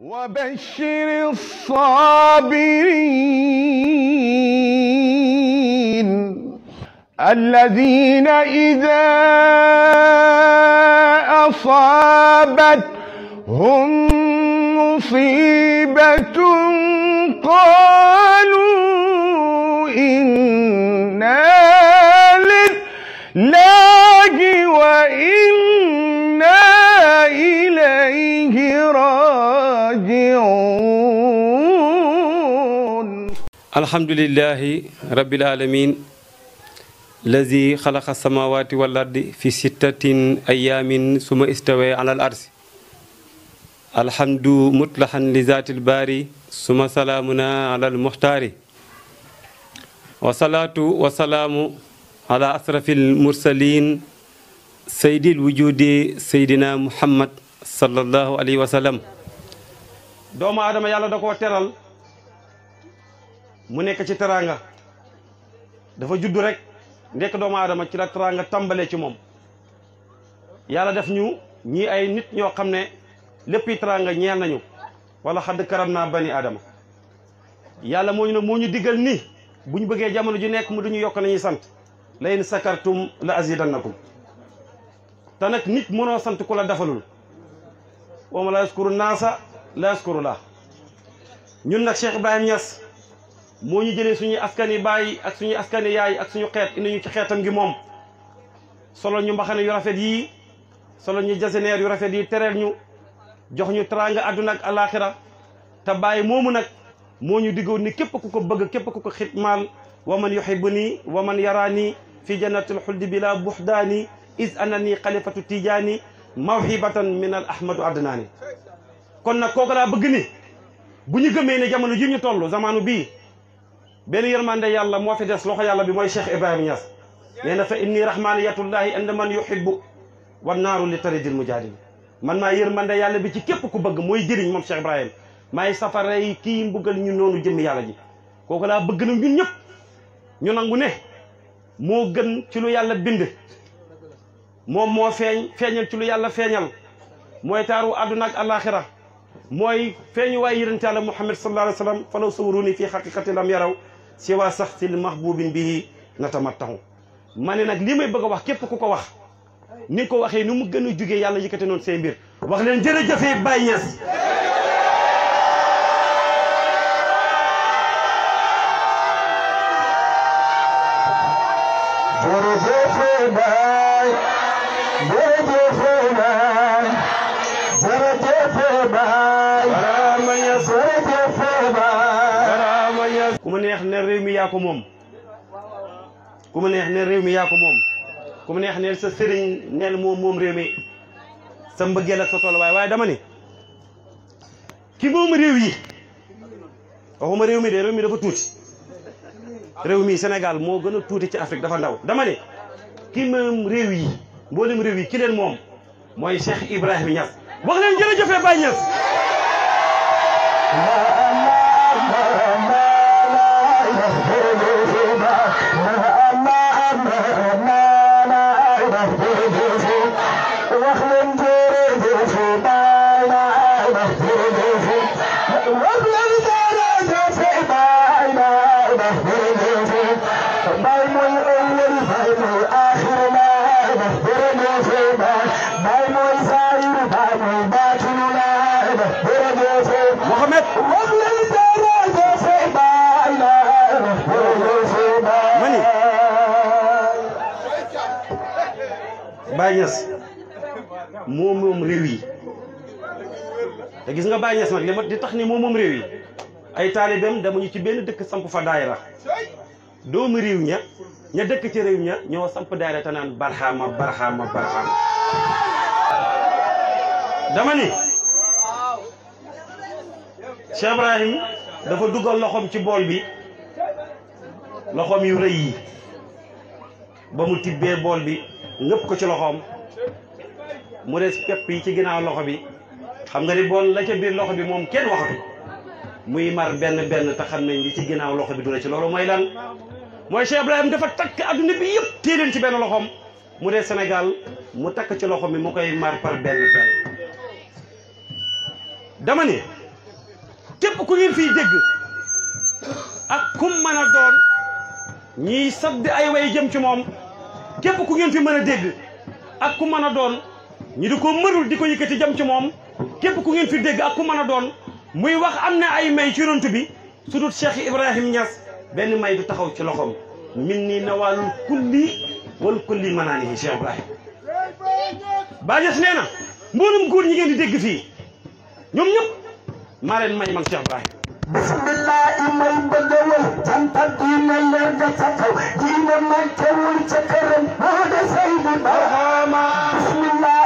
وبشر الصابرين الذين إذا أصابتهم مصيبة قالوا إنا لله وإنا إليه راجعون يسمعون الحمد لله رب العالمين الذي خلق السماوات والأرض في ستة أيام ثم استوى على الأرض الحمد مطلحا لذات الباري ثم سلامنا على المختار وصلاة وسلام على أشرف المرسلين سيد الوجود سيدنا محمد صلى الله عليه وسلم doomu aadama yàlla da koo teral mu nekk ci teraanga dafa judd rek nekk doomu aadama ci la teraanga tàmbalee ci moom yàlla def ñu ñii ay nit ñoo xam ne lépp yi teraanga ñeel nañu wala xadd karam naa bani adama yàlla moo ñu ne moo ñu diggal ni bu ñu bëggee jamono ju nekk mu duñu yokk nañuy sant la in sakartum la azidannakum te nag nit mënoo sant ku la dafalul wa ma la yaskuru naasa la yaskurullah ñun nag Cheikh Ibrahim Niass moo ñu jëlee suñu askani baay ak suñu askani yaay ak suñu xeet indi ñu xeetam gi moom solo ñu mbaxane yu rafet yii solo ñu jasineer yu rafet yi tereel ñu jox ñu teraanga àdduna ak alaaxira te bàyyi moomu nag moo ñu diggoon ni képp ku ko bëgg képp ku ko xitmaal wa man yuhibbu nii wa man yaraa nii fi jannatil xuldi bila buxdaani is anani xalifatu tijaani mawhibatan min al ahmadu adnaani kon nag kooku laa bëgg ni bu ñu gëmee ne jamono ji ñu toll zamanu bii benn yërmande yàlla moo fi des loxo yàlla bi mooy Cheikh Ibrahima Niass nee na fa inni rahmaniyatullahi inda man yuhibbu wan naaru li taridil mujadil man maa yërmande yàlla bi ci képp ku bëgg mooy jëriñ moom Cheikh Ibrahima maay safara yi kii mbugal ñu noonu jëmmi yàlla ji kooku laa bëgg na ñun ñëpp ñu nangu ne moo gën ci yàlla bind moom moo feeñ feeñal ci yàlla feeñal mooy taaru àdduna ak àllaaxira mooy feeñu waay yonent Yàlla Muhammad sallallahu alayhi wa sallam falaw sawruni fii xaqiqati lam yaraw si waa sax si mahbubin bii natamattahu ma ne nag li may bëgg wax képp ku ko wax ni ko waxe ni mu gën a jugee yàlla yëkkate noonu say mbir wax leen jërëjëfee Baye Niass jërëjëfee yaa ko moom ku mu neex neel réew mi yaa moom ku mu neex neel sa sëriñ neel moom moom réew mi sa mbëggeel ak sa tolluwaay waaye dama ni ki moom réew yi waxuma réew mi de réew mi dafa tuuti réew mi Sénégal moo gën a tuuti ci Afrique dafa ndaw dama ne ki moom réew yi mboolem réew yi ki leen moom mooy Cheikh Ibrahima Niass wax leen jërëjëfee Baye Niass باي موي اول باي موي اخر ما مخبر مو فيما باي موي زاير باي موي باطن لا مخبر مو فيما محمد والله ترى فيما لا مخبر مو فيما مني Baye Niass moom moom réew yi te gis nga Baye Niass nag li ma di tax ni moom moom réew yi ay taalibeem demuñu ci benn dëkk samp fa daayira doomu réew ña ña dëkk ci réew ña ñoo samp daare te naan barxaama barxaama barxaama dama ni Cheikh Ibrahim dafa dugal loxoom ci bool bi loxoom yu rëy yi ba mu tibbee bool bi ngëpp ko ci loxoom mu des pepp yi ci ginnaaw loxo bi xam nga ni bool la ca biir loxo bi moom kenn waxatu muy mar benn benn te ne nañ li ci ginnaaw loxo bi duna ci loolu mooy lan mooy Cheikh Ibrahim dafa takk adduna bi yëpp téye ci benn loxoom mu dee senegal mu takk ci loxo mi mu koy mar par benn benn dama ne képp ku ngeen fiy dégg ak ay way jëm ci moom képp ku ngeen fi mën a dégg ak ku mën a doon ñu di ko mënul di ko yëkkati jam ci moom képp ku ngeen fi dégg ak ku mën a doon muy wax am na ay may ci runt bi su dul Cheikh Ibrahim Niass benn may du taxaw ci loxoom min nii nawaalul kulli wal kulli manaanihi Cheikh Ibrahim Baay Ñas nee na mboolum góor ñi ngeen di dégg fii ñoom ñëpp maa leen may man Cheikh Ibrahim bismillah imay mbëggewal janta diina leer ga ca kaw diina man teewul ca këram moo de say bi bismillah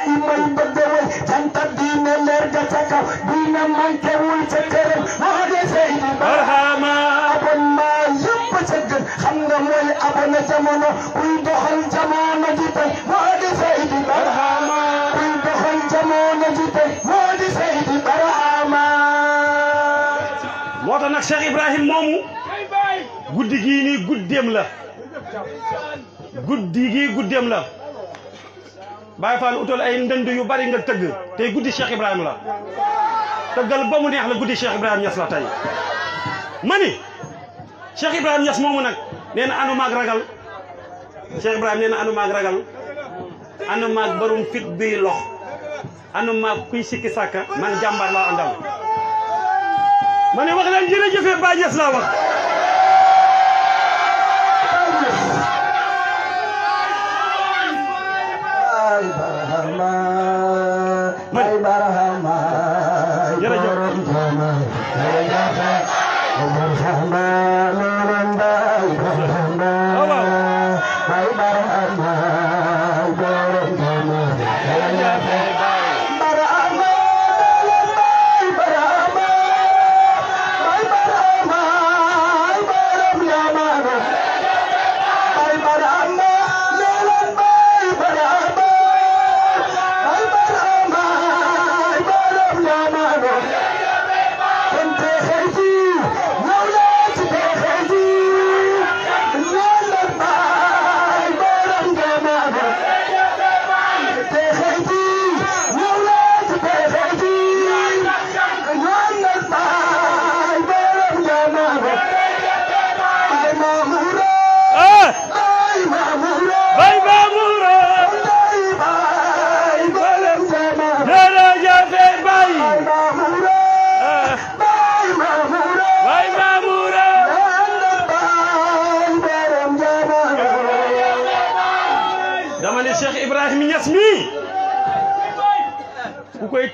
darja ca kaw diina manke wul ca këram wax de Seydi Barhama abonnement yëpp ca gën xam nga mooy abonné jamono kuy doxal jamono ji tey wax de Seydi Barhama doxal jamono ji tey wax de Seydi moo tax nag Cheikh Ibrahim moomu guddi gii guddi gii la Baye Fall utal ay ndënd yu bari nga tëgg tey guddi Cheikh Ibrahima la tëggal ba mu neex la guddi Cheikh Ibrahima Niass la tey mani Cheikh Ibrahima Niass moomu nag nee na anu maag ragal Cheikh Ibrahima nee na ragal anu barum fit bii lox anu kuy sikki sàkka man jàmbaar laa àndal ma ne wax leen jërëjëfee Baye Niass laa wax Barahama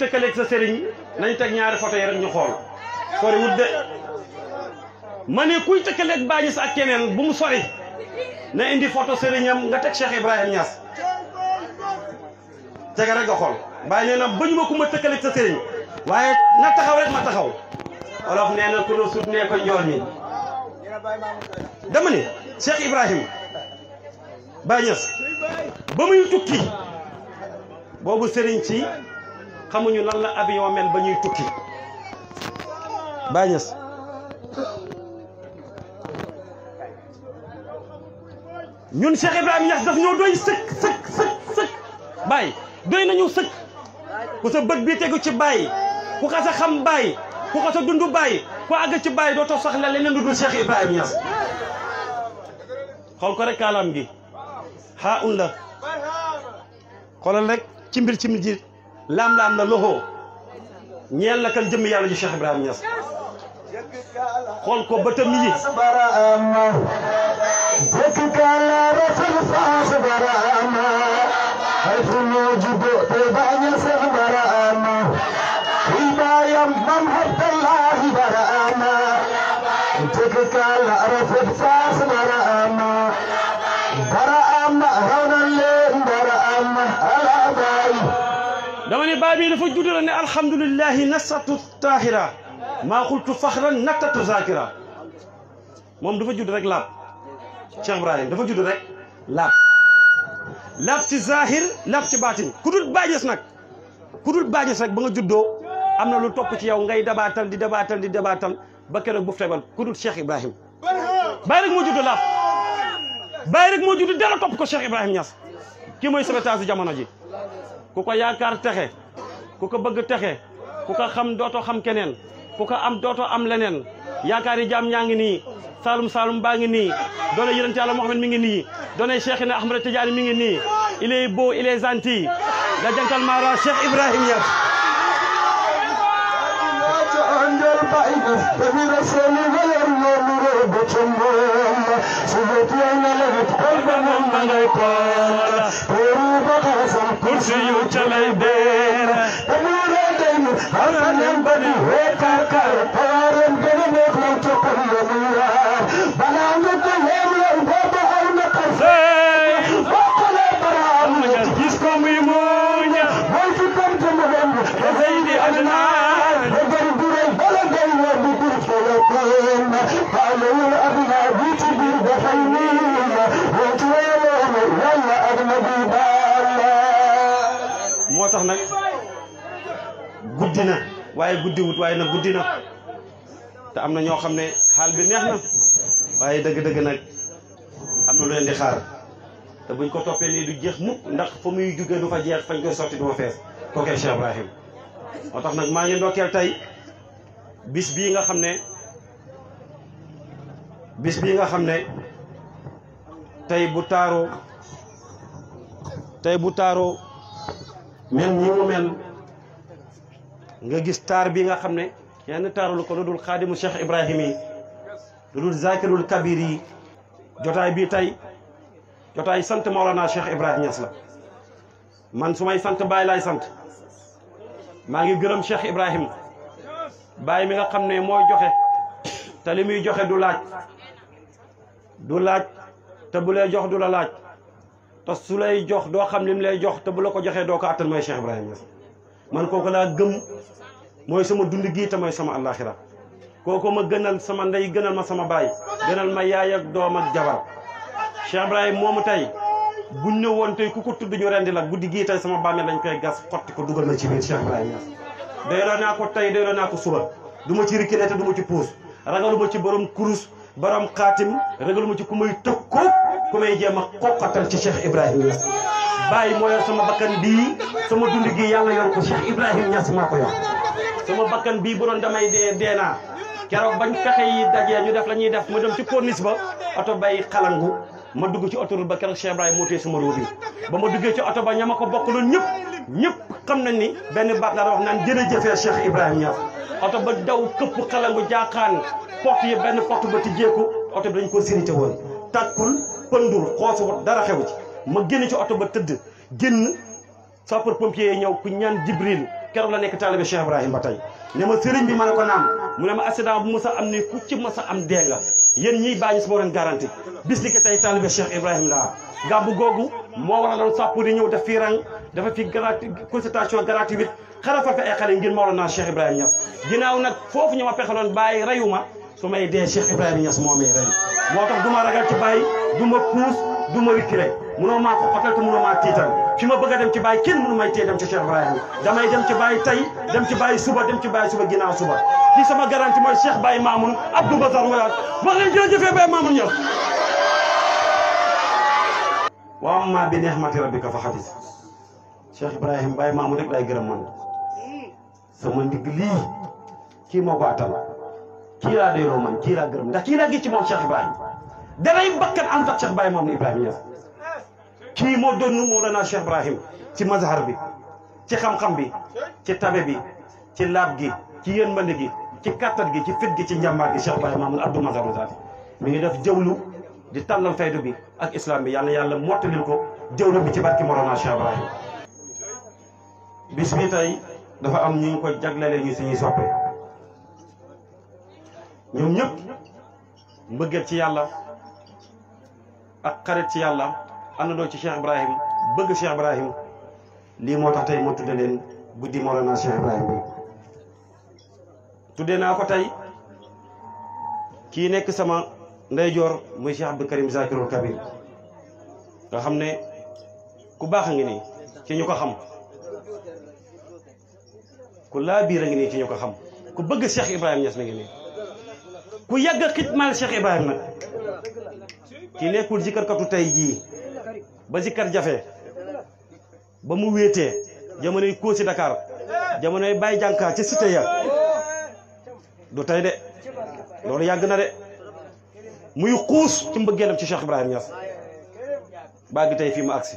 tëkkaleeg sa sëriñ nañ teg ñaari footo yi rek ñu xool sori wut de ma ne kuy tëkkaleeg bàññis ak keneen bu mu sori na indi photo sëriñam nga teg Cheikh Ibrahim Niass tege rek nga xool bàyyi nee na bañu ma a ma tëkkaleeg sa sëriñ waaye na taxaw rek ma taxaw olof nee na ku sut nee ko njool ñi dama Ibrahim Baay Ñas ba muy tukki boobu sëriñ si xamuñu lan la avion mel ba ñuy tukki bàñes ñun Cheikh Ibrahima Niass daf ñoo doy sëkk sëkk sëkk bàyyi doy nañu sëkk ku sa bët bi tegu ci bàyyi ku xasa xam bàyyi ku xas a dund bàyyi ku àgg ci bàyyi dootoo soxla leneen lu dul Cheikh Ibrahima Niass xool ko rek kaalam gi xaa un la xoolal rek ci mbir ci mbir ji laam-laam la loxoo ñeel na kan jëmm yàlla ji Cheikh Ibrahima ko bëtam yi jëkk kaala ratal faas bi dafa juddala ne alhamdulillahi nasatu tahira maa xultu faxran nattatu zakira moom dafa judd rek laab Cheikh Ibrahim dafa judd rek laab laab ci zahir laab ci baatin ku dul nag ku dul bàñes rek ba nga juddoo am na lu topp ci yow ngay dabaatal di dabaatal di dabaatal ba keroog bu feebar ku dul Cheikh Ibrahim bàyyi rek moo judd laab bàyyi rek moo judd dara topp ko Cheikh Ibrahim Niass kii mooy sabatag jamono ji ku ko yaakaar texe ku ko bëgg texe ku ko xam dootoo xam keneen ku ko am dooto am leneen yaakaar yi jaam ñaa ngi nii saalum saalum baa ngi nii doole yonent Yàlla Muhammad mi ngi nii doole Cheikhina Ahmad Tidiane mi ngi nii il est beau il est gentil la jantal maara Cheikh Ibrahim Niass وربك سم كرسي कार guddi na waaye guddi wut waaye nag guddi na te am na ñoo xam ne xaal bi neex na waaye dëgg-dëgg nag am na lu leen xaar te buñ ko toppee nii du jeex mukk ndax fa muy jugee du fa jeex fañ ko sotti du fa fees kookee Cheikh Ibrahim moo tax nag maa ngi ndokkeel tey bis bii nga xam ne bis bii nga xam ne tey bu taaroo tey bu taaroo mel ñi mel nga gis taar bi nga xam ne kenn taarul ko lu dul xaadimu Cheikh Ibrahim yi lu dul zakirul kabir yi jotaay bi tey jotaay sant Maolana Cheikh Ibrahim Niass la man su may sant baay laay sant maa ngi gërëm Cheikh Ibrahim baay mi nga xam ne mooy joxe te li muy joxe du laaj du laaj te bu lay jox du la laaj te su jox doo xam lim lay jox te bu la ko joxee doo ko attan mooy Cheikh Ibrahim Niass man kooku laa gëm mooy sama dund gii te mooy sama àllaaxira kooku ma gënal sama ndey gënal ma sama baay gënal ma yaay ak doom ak jabar Cheikh Ibrahim moomu tey buñ ñëwoon tey ku ko tudd ñu rendi la guddi gii sama sama bàmmeel lañ koy gas xotti ko dugal na ci biir Cheikh Ibrahim Niass doyloo ko tey doyloo naa ko suba du ma ci rikkile te du ma ci puus ragalu ma ci borom kurus borom xaatim ragalu ma ci ku may tëkku ku may jéem a xoqatal ci Cheikh Ibrahim Niass bàyyi moo sama bakkan bii sama dund gi yàlla yor ko Cheikh Ibrahim Niass maa ko yor sama bakkan bii bu doon damay dee dee naa keroog bañ fexe yi dajee ñu def la ñuy def ma dem ci corniche ba oto bay xalangu ma dugg ci autoroute ba keroog Cheikh Ibrahim moo téye sama roo ba ma duggee ci oto ba ña ko bokkaloon ñëpp ñëpp xam nañ ni benn ba baat la wax naan jërëjëfee Cheikh Ibrahim Niass oto ba daw këpp xalangu jaaxaan porte yi benn porte ba tijjeeku oto bi dañ ko sérité woon takkul pëndul xoosu dara xew ma génn ci oto ba tëdd génn sapeur pompier yi ñëw ku ñaan Jibril keroog la nekk taalibe Cheikh Ibrahim ba tey ne ma sëriñ bi ma ne ko naam mu ne ma accident bu mësa am ni ku ci mësa am dee nga yéen ñiy bàyyi si moo leen garanti bis ni ko tey taalibe Cheikh Ibrahim laa gàbbu googu moo waraloon sapeur yi ñëw daf fii rang dafa fi garanti consultation gratuite xara fa ay xale ngir Mawlana Cheikh Ibrahim Niass ginnaaw nag foofu ñu ma pexaloon bàyyi reyu ma su may dee Cheikh Ibrahim Niass moo may rey moo tax du ma ragal ci bàyyi du ma du ma mënoo maa ko xotal te mënoo maa tiital fi ma bëgg a dem ci bàyyi kenn mënu a tee dem ci Cheikh Ibrahim dem ci bàyyi tey dem ci bàyyi suba dem ci bàyyi suba ginnaaw suba kii sama garanti mooy Cheikh Baye Mamoun Abdou Bazar Wayat wax leen jërëjëfee Baye ma ñëpp wa amma bi nihmati rabbika fa hadis Cheikh Ibrahim Baye Mamoun rek lay gërëm man sama ndigg lii kii moo ko attan kii laa doyloo man kii laa gërëm ndax kii laa gis ci moom Cheikh Ibrahim daray bakkan ànd ak Cheikh Baye Mamoun Ibrahima Niass kii moo doon Mawlana Cheikh Ibrahim ci mazhar bi ci xam-xam bi ci tabe bi ci laab gi ci yërmande gi ci kàttan gi ci fit gi ci njàmbaar gi Cheikh Ibrahim Mamoune Abdou Mazharou Zaati mi ngi def jawlu di tànnal faydu bi ak islam bi yàlla yàlla mottalil ko jawlu bi ci barki Mawlana Cheikh Ibrahim bis bi tey dafa am ñu ngi ko jaglele ñu suñuy soppe ñoom ñëpp mbëggeel ci yàlla ak xarit ci yàlla àndandoo ci Cheikh Ibrahim bëgg Cheikh Ibrahim lii moo tax tey ma tudde leen guddi Mawlana Cheikh Ibrahim bi tudde naa ko tey ki nekk sama ndeyjoor muy Cheikh Abdou Karim Kabir nga xam ne ku baax a ngi nii ci ñu ko xam ku laa biir a ngi nii ci ñu ko xam ku bëgg Cheikh Ibrahim Niass na ngi nii ku yàgg xitmaal Cheikh Ibrahim nag kii nekkul jikkarkatu tey jii ba zikkar jafe ba mu wéetee jamonoy Kóosi Dakar jamonoy Baye Jànka ca cité ya du tey de loolu yàgg na de muy xuus ci mbëggeelam ci Cheikh Ibrahima Niass baa ngi tey fii mu agsi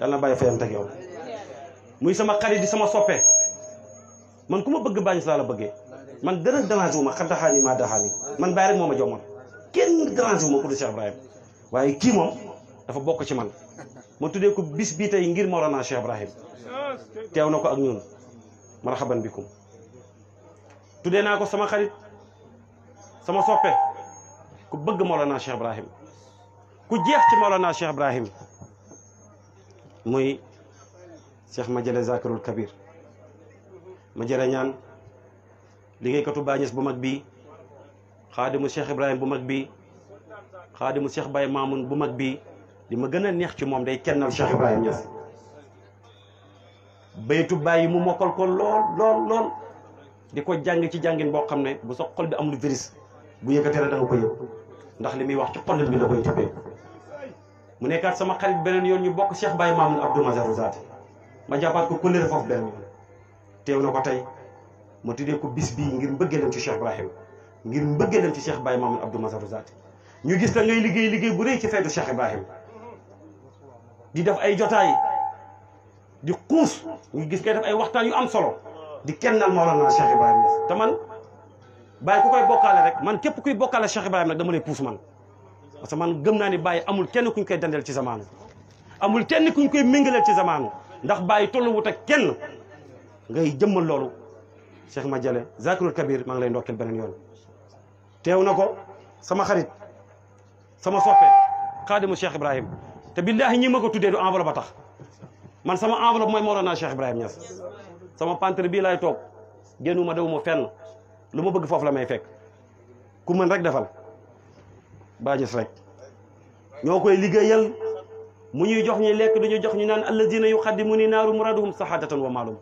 yàlla na bàyyi fayante ak yow muy sama xarit di sama soppe man ku ma bëgg bàyyi saa laa la bëggee man dara dérange wu ma xaddaxaani maa daxaani man bàyyi rek moo ma jommal kenn dérange ma ku du Cheikh Ibrahima waaye kii moom dafa bokk ci man ma tuddee ko bis bii tey ngir Mawlana Cheikh Ibrahim teew na ko ak ñun marhaban bikum tuddee naa ko sama xarit sama soppe ku bëgg Mawlana Cheikh Ibrahim ku jeex ci Mawlana Cheikh Ibrahim muy Cheikh ma jële Zakirul Kabir ma jële ñaan liggéeykatu bàññees bu mag bi xaadimu Cheikh Ibrahim bu mag bii xaadimu Cheikh Baye Mamoun bu mag bii li ma gën a neex ci moom day kennal Cheikh Ibrahima Niass baytu bàyyi mu mokkal ko lool lool lool di ko jàng ci jàngin boo xam ne bu sa xol bi amul virus bu yëkkatee la da nga ko yëg ndax li muy wax ci xol bi la koy tibbee mu nekkaat sama xarit beneen yoon ñu bokk Cheikh Baye Mamoun Abdou Mazar Zaati ma jàppaat ko kóllëre foofu benn teew ko tey ma tuddee ko bis bii ngir mbëggeelam ci Cheikh Ibrahim ngir mbëggeelam ci Cheikh Baye Mamoun Abdou Mazar Zaati ñu gis la ngay liggéey liggéey bu rëy ci feetu Cheikh Ibrahim di def ay jotaay di xuus ngi gis ngay def ay waxtaan yu am solo di kennal Mawlana Cheikh Ibrahim te man bàyyi ku koy bokkaale rek man képp kuy bokkaale Cheikh Ibrahim nag dama lay puus man parce que man gëm naa ni bàyyi amul kenn kuñ koy dandeel ci zamaanu amul kenn kuñ koy méngaleel ci zamaanu ndax bàyyi tolluwut ak kenn ngay jëmmal loolu Cheikh ma jële Zakirul Kabir maa ngi lay ndokkeel beneen yoon teew na ko sama xarit sama soppe xaadimu Cheikh Ibrahim te billaahi ñi ma ko tuddee du enveloppe ba tax man sama enveloppe mooy Mawlana Cheikh Ibrahima Niass sama pantre bii laay toog ma génnuma dewuma fenn lu ma bëgg foofu la may fekk ku mën rek defal baa gis rek ñoo koy liggéeyal mu ñuy jox ñi lekk dañu jox ñu naan allazina yuqaddimu ni naaru muraduhum sahaadatan wa maalum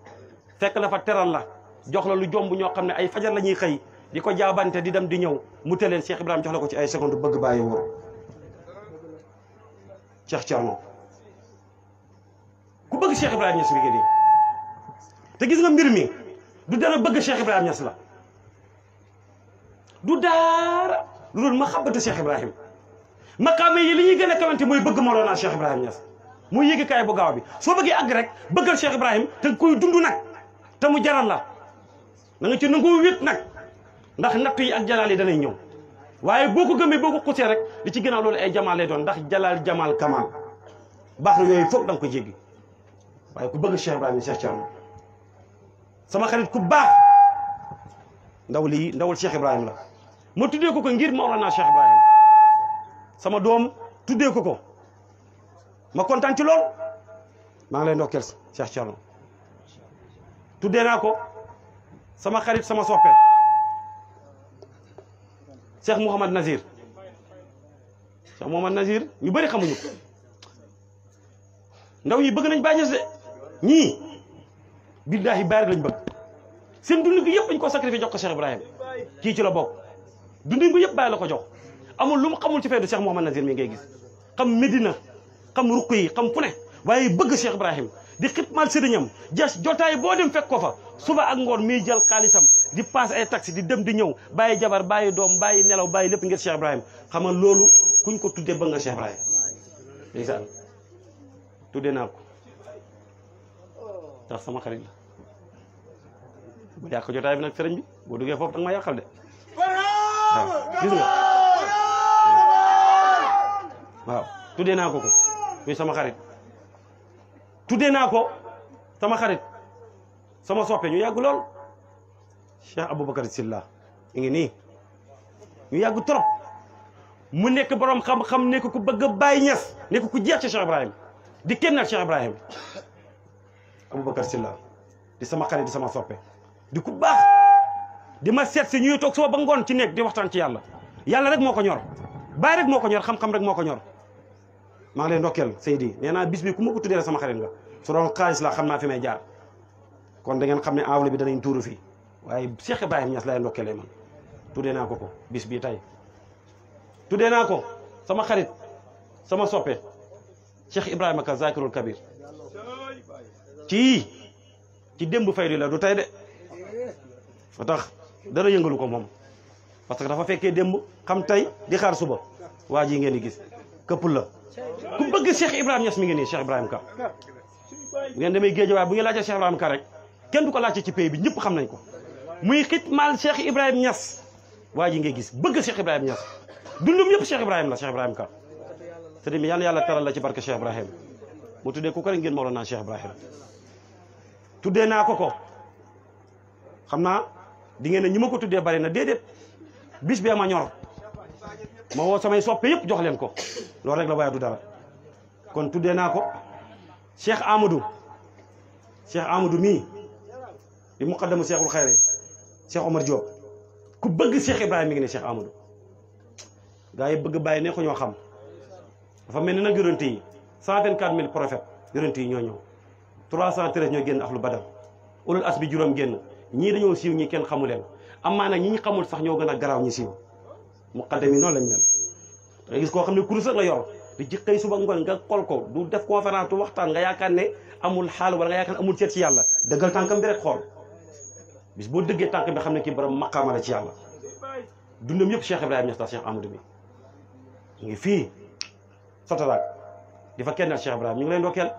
fekk la fa teral la jox la lu jomb ñoo xam ne ay fajar la ñuy xëy di ko jaabante di dem di ñëw mu teleen Cheikh Ibrahima jox ko ci ay seconde bëgg bàyyi wóor Cheikh Thierno ku bëgg Cheikh Ibrahima Niass mi ngi nii te gis nga mbir mi du dara bëgg Cheikh Ibrahima Niass la du daara lu doon maxabbatu Cheikh Ibrahima maqaame yi li ñuy gën a kawante mooy bëgg Mawlana Cheikh Ibrahima Niass muy yéegikaay bu gaaw bi soo bëggee àgg rek bëggal Cheikh Ibrahima te kuy dund nag te mu jaral la na nga ci nangu wét nag ndax nattu yi ak jalaal yi danay ñëw waaye boo ko gëmee boo ko xusee rek li ci gënaaw loolu ay jamaal lay doon ndax jalaal jamaal kamal baax na yooyu foog danga ko jéggi waaye ku bëgg Cheikh Ibrahima Cheikh sama xarit ku baax ndaw lii ndawul Cheikh Ibrahima la ma tuddee ko ko ngir Mawlana Cheikh Ibrahima sama doom tuddee ko ko ma kontaan ci lool maa ngi lay ndokkeel Cheikh Thierno tuddee naa ko sama xarit sama soppe Cheikh Mouhamad Nazir Cheikh Mouhamad Nazir ñu bëri xamuñu ko ndaw yi bëgg nañ Baay Ñas de ñii billaahi barik lañ bëgg seen dund gi yëpp dañ ko sacrifié jox ko Cheikh Ibrahim kii ci la bokk dundin gi yëpp bàyyi la ko jox amul lu mu xamul ci feddu Cheikh Mouhamad Nazir mi ngay gis xam Medina xam ruq yi xam fu ne waaye bëgg Cheikh Ibrahim di xitmaal sëriñam jas jotaay boo dem fekk ko fa suba ak ngoon mi jël xaalisam di paas ay taxi di dem di ñëw bàyyi jabar bàyyi doom bàyyi nelaw bàyyi lépp ngir Cheikh Ibrahim xam nga loolu kuñ ko tuddee ba nga Cheikh Ibrahim ndeysaan tuddee naa ko ndax sama xarit la bu yàq jotaay bi nag duggee foofu danga ma yàqal naa ko ko sama xarit tuddee naa ko sama xarit sama soppe ñu yàgg lool Cheikh Aboubacar Sylla mi ngi nii ñu yàgg trop mu nekk borom xam-xam nekk ku bëgg a bàyyi ñes nekk ku jeex ci Cheikh Ibrahim di kennal Cheikh Ibrahim Aboubacar Sylla di sama xarit di sama soppe di ku baax di ma seet si ñuy toog suba ba ngoon ci nekk di waxtaan ci yàlla yàlla rek moo ko ñor bàyyi rek moo ko ñor xam-xam rek moo ko ñor maa leen lay ndokkeel Seydi nee naa bis bi ku ma ko tuddee sama xarit nga su doon xaalis la xam naa fi may jaar kon da ngeen xam ne aawla bi danañ tuuru fii waaye Cheikh Ibrahim Niass lay ndokkelee man tuddee naa ko ko bis bii tey tuddee naa ko sama xarit sama soppe Cheikh Ibrahima Ka Zakirul Kabir ci ci démb faydu la du tay de fa tax dara yëngalu ko moom parce que dafa fekkee démb xam tey di xaar suba waa ji ngeen di gis këpp la ku bëgg Cheikh Ibrahima Niass mu ngi nii Cheikh Ibrahima Ka bu ngeen demee géej waaye bu ngeen laajee Cheikh Ibrahima Ka rek kenn du ko laajte ci pays bi ñëpp xam nañ ko muy xitmaal Cheikh Ibrahim ñas waa ji ngay gis bëgg Cheikh Ibrahim Niass dundum yëpp Cheikh Ibrahim la Cheikh Ibrahim Ka sëriñ bi yal na yàlla taral la ci barke Cheikh Ibrahim mu tuddee ku ko rek ngeen Mawlana Cheikh Ibrahim tuddee naa ko ko xam naa di ngeen ne ñi ma ko tuddee bari na déedéet bis bee ma ñor ma woo samay soppe yëpp jox leen ko loolu rek la waaye du dara kon tuddee naa ko Cheikh Amadou Cheikh Amadou mii di muqaddamu Cheikhul Xayri Cheikh Omar Diop ku bëgg Cheikh Ibrahima mi ngi ne Cheikh Amadou gaa yi bëgg bàyyi ne ko ñoo xam dafa mel ni nag yonent yi cent vingt quatre mille prophètes yonent yi ñoo ñëw trois cent treize ñoo génn ahlu badar ulul as bi juróom génn ñii dañoo siiw ñii kenn xamu leen amaa nag ñi ñu xamul sax ñoo gën a garaaw ñi siiw muqaddam yi noonu la mel nga gis koo xam ne kurus la yor di ci xëy suba ngoon nga xool ko du def conférence waxtaan nga yaakaar ne amul xaal wala nga yaakaar ne amul seet yàlla dëggal tànkam bi xool bis boo dëggee tànk bi xam ne kii borom maqaama la ci yàlla dundam yëpp Cheikh Ibrahima Niass la Cheikh Amadou bi ngi fii Fatalaak di fa kennal Cheikh Ibrahima ñu ngi leen dookeel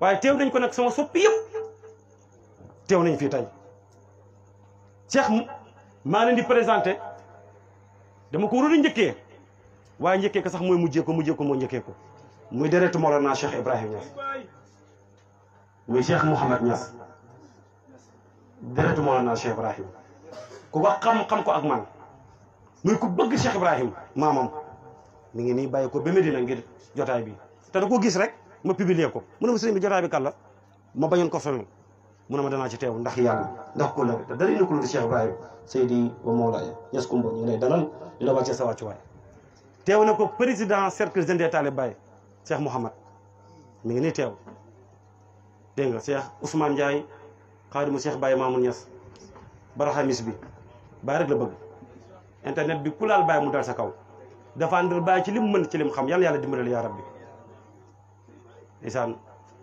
waaye teew nañ ko nag sama soppi yëpp nañ fii tey Cheikh maa leen di présenté dama ko waroon njëkkee waaye njëkkee ko sax mooy mujjee ko mujjee ko moo njëkkee ko muy deretu Mawlana Cheikh Ibrahima Niass muy Cheikh Mouhamed Niass. deretu Mawlana Cheikh Ibrahim ku wax xam xam ko ak man muy ku bëgg Cheikh Ibrahim maamam mi ngi nii bàyyi ko ba Medina ngir jotaay bi te da ko gis rek ma publier ko mu ne ma sëriñ bi jotaay bi kan ma bañoon ko fenn mu ne ma danaa ci teew ndax yàlla ndax ko la te dara ñu ko lu Cheikh Ibrahim Seydi wa Mawlaaya ñes kumba ñu ngi lay dalal di la wàccee sa wàccuwaay teew na ko président cercle jeune des talibés Baye Cheikh Mouhamad mi ngi nii teew nga Cheikh Ousmane xaadimu Cheikh Baye Mamour Niass baraxamis bi Baye rek la bëgg internet bi ku laal Baye mu dal sa kaw défendre Baye ci lim mën ci lim xam yal na yàlla dimbalal yaa rabbi ndeysaan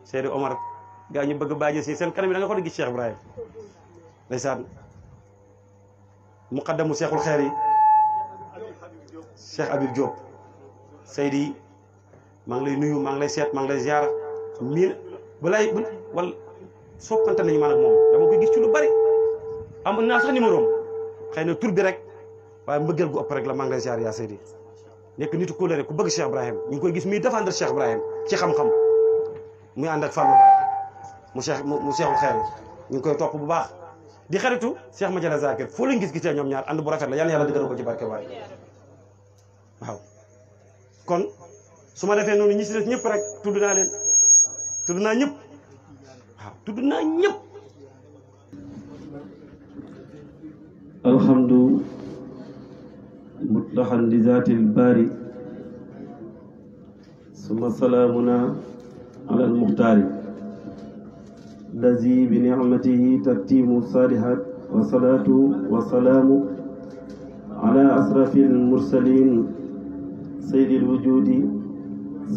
Seydou Omar gaa ñu bëgg Baye si seen kanam yi da gi ko gis Cheikh Ibrahim ndeysaan mu Cheikhul Xeer yi Cheikh Habib Diop Seydi maa ngi lay nuyu maa ngi lay seet maa ngi lay ziar miin balay wal soppante nañu man ak moom dama koy gis ci lu bari am naa sax numéro am xëy na tur bi rek waaye mbëggeel gu opp rek la maa ngi lay ziar nekk nit nekk nitu kóllëre ku bëgg Cheikh Ibrahim ñu ngi koy gis muy défendre Cheikh Ibrahim ci xam-xam muy ànd ak Fallou mu Cheikh mu Cheikhul Xeer ñu ngi koy topp bu baax di xaritu Cheikh Madiala Zakir foo leen gis-gisee ñoom ñaar ànd bu rafet la yàlla yàlla dëgëral ko ci barke waay waaw kon su ma defee noonu ñi si des ñëpp rek tudd naa leen naa ñëpp waaw tudd naa ñëpp alhamdu mutlaxan li zaatil baari suma salaamuna ala almuxtaari lazi bi nicmatihi tartiimu saalihaat wa salaatu wa salaamu ala asrafi almursalin saydi alwujudi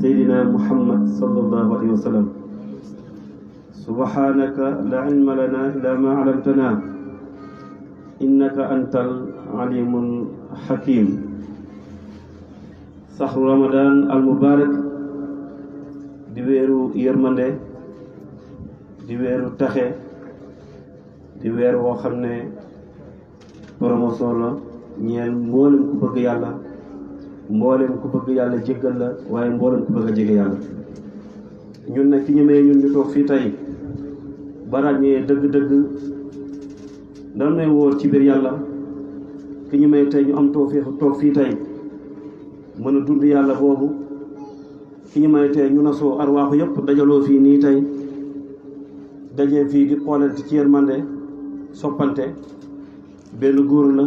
saydina muhammad sallallahu alayhi wa sallam subhanaka la ilma lana illa ma alamtana innaka antal alimul hakim saxru ramadan al mubarak di weeru yërmande di weeru taxe di weer woo xam ne promotion la ñeel mboolem ku bëgg yàlla mboolem ku bëgg yàlla jéggal la waaye mboolem ku bëgg a jege yàlla ñun nag ki ñu ñun ñu toog fii tey ba ràññee dëgg-dëgg dana may wóor ci biir yàlla ki ñu may tey ñu am tawfiix toog fii tey mën a dund yàlla boobu ki ñu may tey ñu nasoo arwaaxu yëpp dajaloo fii nii tey dajee fii di xoolante ci yërmande soppante benn góor la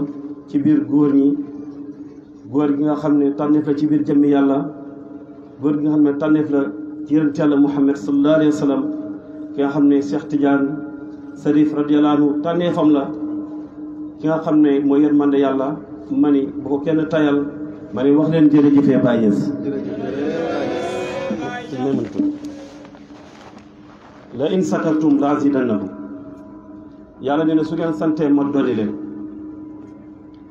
ci biir góor ñi góor gi nga xam ne tànneef la ci biir jëmmi yàlla góor gi nga xam ne tànneef la ci yonent yàlla Muhammad sallallahu alayhi ki nga xam ne Cheikh Tidiane Sarif radiyallahu anhu tànneefam la ki nga xam ne mooy yërmande yàlla ma ni bu ko kenn tayal ma ni wax leen jërëjëfee Baye Niass la in sakartum la azidannakum yàlla nee na su ngeen santee ma dolli leen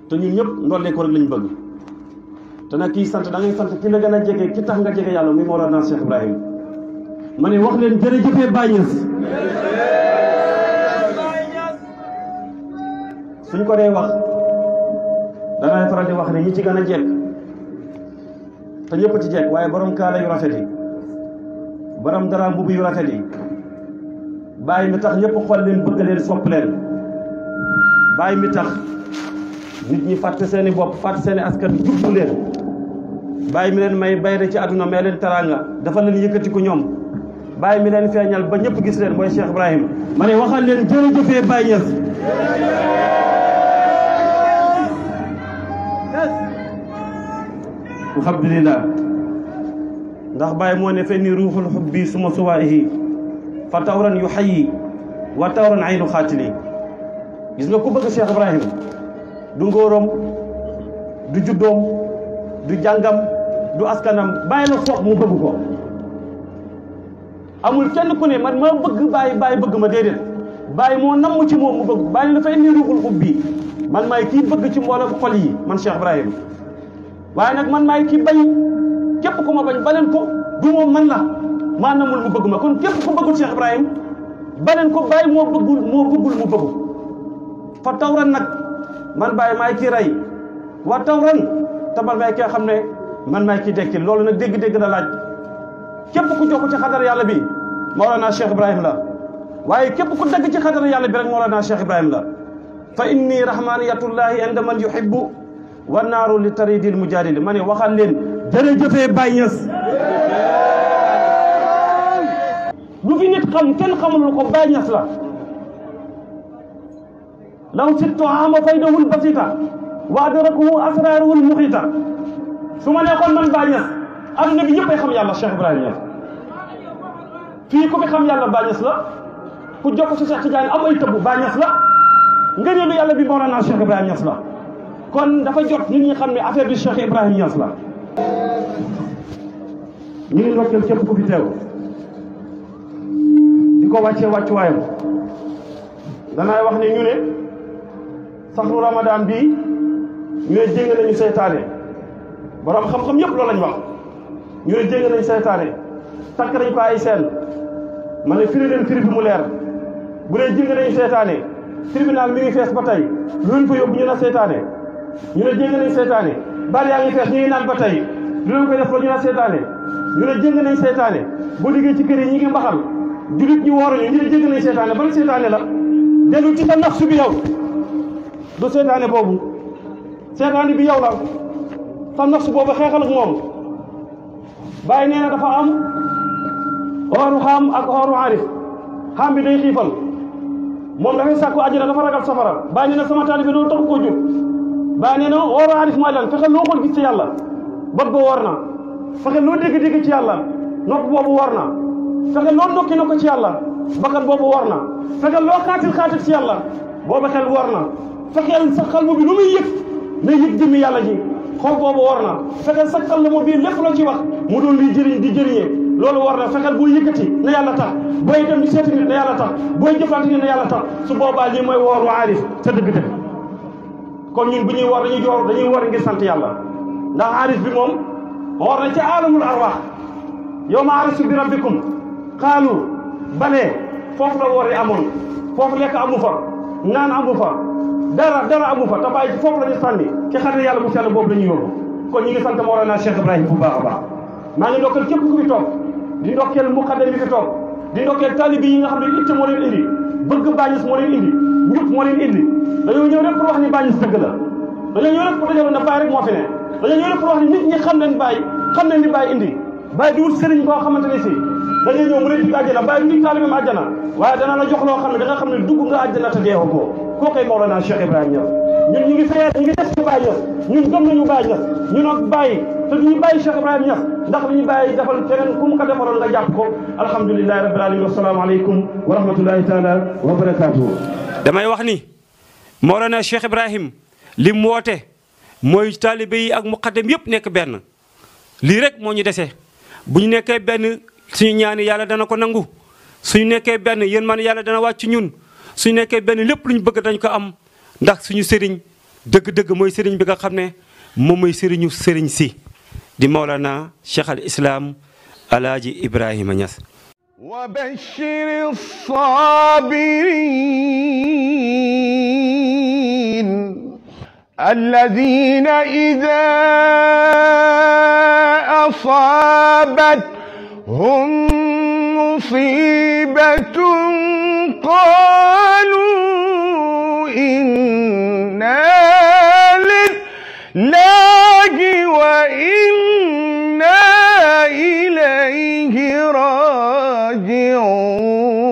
te ñun ñëpp ndollee ko rek lañ bëgg te nag kii sant da ngay sant ki la gën a jege ki tax nga jege yàlla muy Mawlana Cheikh Ibrahim ma ne wax leen jërëjëfee Baye Niass suñ ko dee wax dangay faral di wax ne ñi ci gën a jekk te ñëpp ci jekk waaye borom kaala yu rafet yi borom dara mbubb yu rafet yi bàyyi mi tax ñëpp xool leen bëgg leen sopp leen bàyyi mi tax nit ñi fàtte seeni bopp fàtte seeni askan jubbu leen bàyyi mi leen may bayre ci àdduna may leen teraanga dafa leen yëkkati ko ñoom bàyyi mi leen feeñal ba ñëpp gis leen mooy Cheikh Ibrahima ma ne waxal leen jërëjëfee Baye Niass alhamdulilah ndax baay moo ne fe ruuxul xubbi suma suwaayihi fa tawran yu xayyi wa tawran aynu xaatili gis nga ku bëgg Cheikh Ibrahima du ngóorom du juddoom du jàngam du askanam bàyyi la foog mu bëgg ko amul kenn ku ne man maa bëgg bàyyi bàyyi bëgg ma déedéet baay moo namm ci moom mu bëgg bàyyi dafay nii ruugul xub bii man maay kii bëgg ci mboolem xol yi man Cheikh Ibrahima waaye nag man maay kii bañ képp ku ma bañ baleen ko du man la maa namul bëgg ma kon képp ku bëggul Cheikh Ibrahima baleen ko bàyyi moo bëggul moo bëggul mu bëggu fa tawran nag man bàyyi maay kii rey wa tawran tabal maay kii xam ne man maay kii dekkil loolu nag dégg-dégg la laaj képp ku jokk ci xadara yàlla bi Mawlana Cheikh Ibrahim la waaye képp ku dagg ci xadara yàlla bi rek Mawlana Cheikh Ibrahim la fa inni rahmaniyatullahi inda man yuhibbu wa naaru li taridil mujadili ma ne waxal leen jërëjëfee Baye Niass lu fi nit xam kenn xamul ko Baye Niass la law sittu ama faydahul basita wa adrakuhu asraruhul muhita su ma nekkoon man Baye Niass adduna bi ñëppay xam yàlla Cheikh Ibrahima Niass fii ku fi xam yàlla Baay Ñas la ku jokk si Cheikh Tidiane am ay tëbb Baay Ñas la ngëneelu yàlla bi Mawlana Cheikh Ibrahima Niass la kon dafa jot nit ñi xam ne affaire bi Cheikh Ibrahima Niass la ñu ngi ndokkeel képp ku fi teew di ko wàcce wàccuwaayam danaay wax ne ñu ne saxru ramadan bii ñu ne jéng nañu seytaane borom xam-xam yëpp loolu lañ wax ñooy jege nañ seytaane takk nañ ko ay seen ma ne firi leen firi bi mu leer bu dee jege nañ seytaane tribunal mi ngi ba tey lu leen ko yóbbu ñu na seytaane ñu ne jege nañ seytaane baal fees ñu ngi naan ba tey lu leen koy def la ñu ne seytaane ñu ne jege seytaane boo liggéey ci kër yi ñi ngi mbaxal julit ñu wooruñu ñu ne jege nañ seytaane ban seytaane la dellu ci sa nafsu bi yow du seytaane boobu seytaane bi yow la sa su boobu xeexal ak moom bàyyi nee na dafa am xooru xam ak xooru arif xam bi day xiifal moom dafay sàkku àjjana dafa ragal safara bàyyi nee na sama taalibe loolu taxu koo jur bàyyi nee na xooru arif mooy lan fexe loo xool gis ci yàlla bët ba war na fexe loo dégg-dégg ci yàlla nopp boobu war na fexe loo ndokki na ko ci yàlla bakkan boobu war na fexe loo xaatil xaatil ci yàlla boobu xel war na fexeel sa xalbu bi lu muy yëg na yëg jëmmi yàlla ji xol boobu war na fexeel sa xel mu biir lépp loo ci wax mu doon luy jëriñ di jëriñee loolu war na fexeel boo yëkkati na yàlla tax booy dem di seeti nit na yàlla tax booy jëflante nit na yàlla tax su boobaa lii mooy wooru aarif sa dëgg dëgg kon ñun bu ñuy war dañuy joor dañuy war ngir sant yàlla ndax aarif bi moom war na ca aalamul arwaax yow ma arastu bi rabbikum xaalu balee foofu la war yi amoon foofu lekk amu fa naan dara dara amu fa te bàyyi foofu la ñu sànni ci xar yàlla bu sell boobu la ñu yóbbu kon ñi ngi sant Mawlana Cheikh Ibrahima bu baax a baax maa ngi ndokkeel képp ku fi toog di ndokkeel muqaddam bi fi toog di ndokkeel talibi yi nga xam ne itte moo leen indi bëgg bàññis moo leen indi njub moo leen indi dañoo ñëw rek pour wax ni bàññis dëgg la dañoo ñëw rek pour dajaloon na bàyyi rek moo fi ne dañoo ñëw rek pour wax ni nit ñi xam nañ bàyyi xam nañ li bàyyi indi bàyyi di wut sëriñ boo xamante ne si da ngay ñëw mu lay dig àjjana bàyyi ndig taalibeem àjjana waaye dana la jox xam ne da xam ne dugg nga àjjana te deewoo ko kookoy Mawlana Cheikh Ibrahima ñu ngi fayee ñu ngi des ci Baye Niass ñun gëm nañu bàyyi ñu bàyyi defal keneen ku mu ko defaloon nga jàpp ko alhamdulilahi rabbil alamin wasalaamu aleykum wa rahmatullahi taala wa barakatuhu damay wax ni Mawlana Cheikh Ibrahima li mu woote mooy taalibe ak muqaddam yëpp nekk benn lii rek moo ñu dese bu suñu ñaani yàlla dana ko nangu suñu nekkee benn yéen man yàlla dana wàcc ñun suñu nekkee benn lépp lu ñu bëgg dañ ko am ndax suñu sëriñ dëgg-dëgg mooy sëriñ bi nga xam ne moom mooy sëriñu sëriñ si di Mawlana Cheikh al Islam Alaaji Ibrahima Niass wa bashiri saabiriin الذين إذا أصابت هم مصيبة قالوا إنا لله وإنا إليه راجعون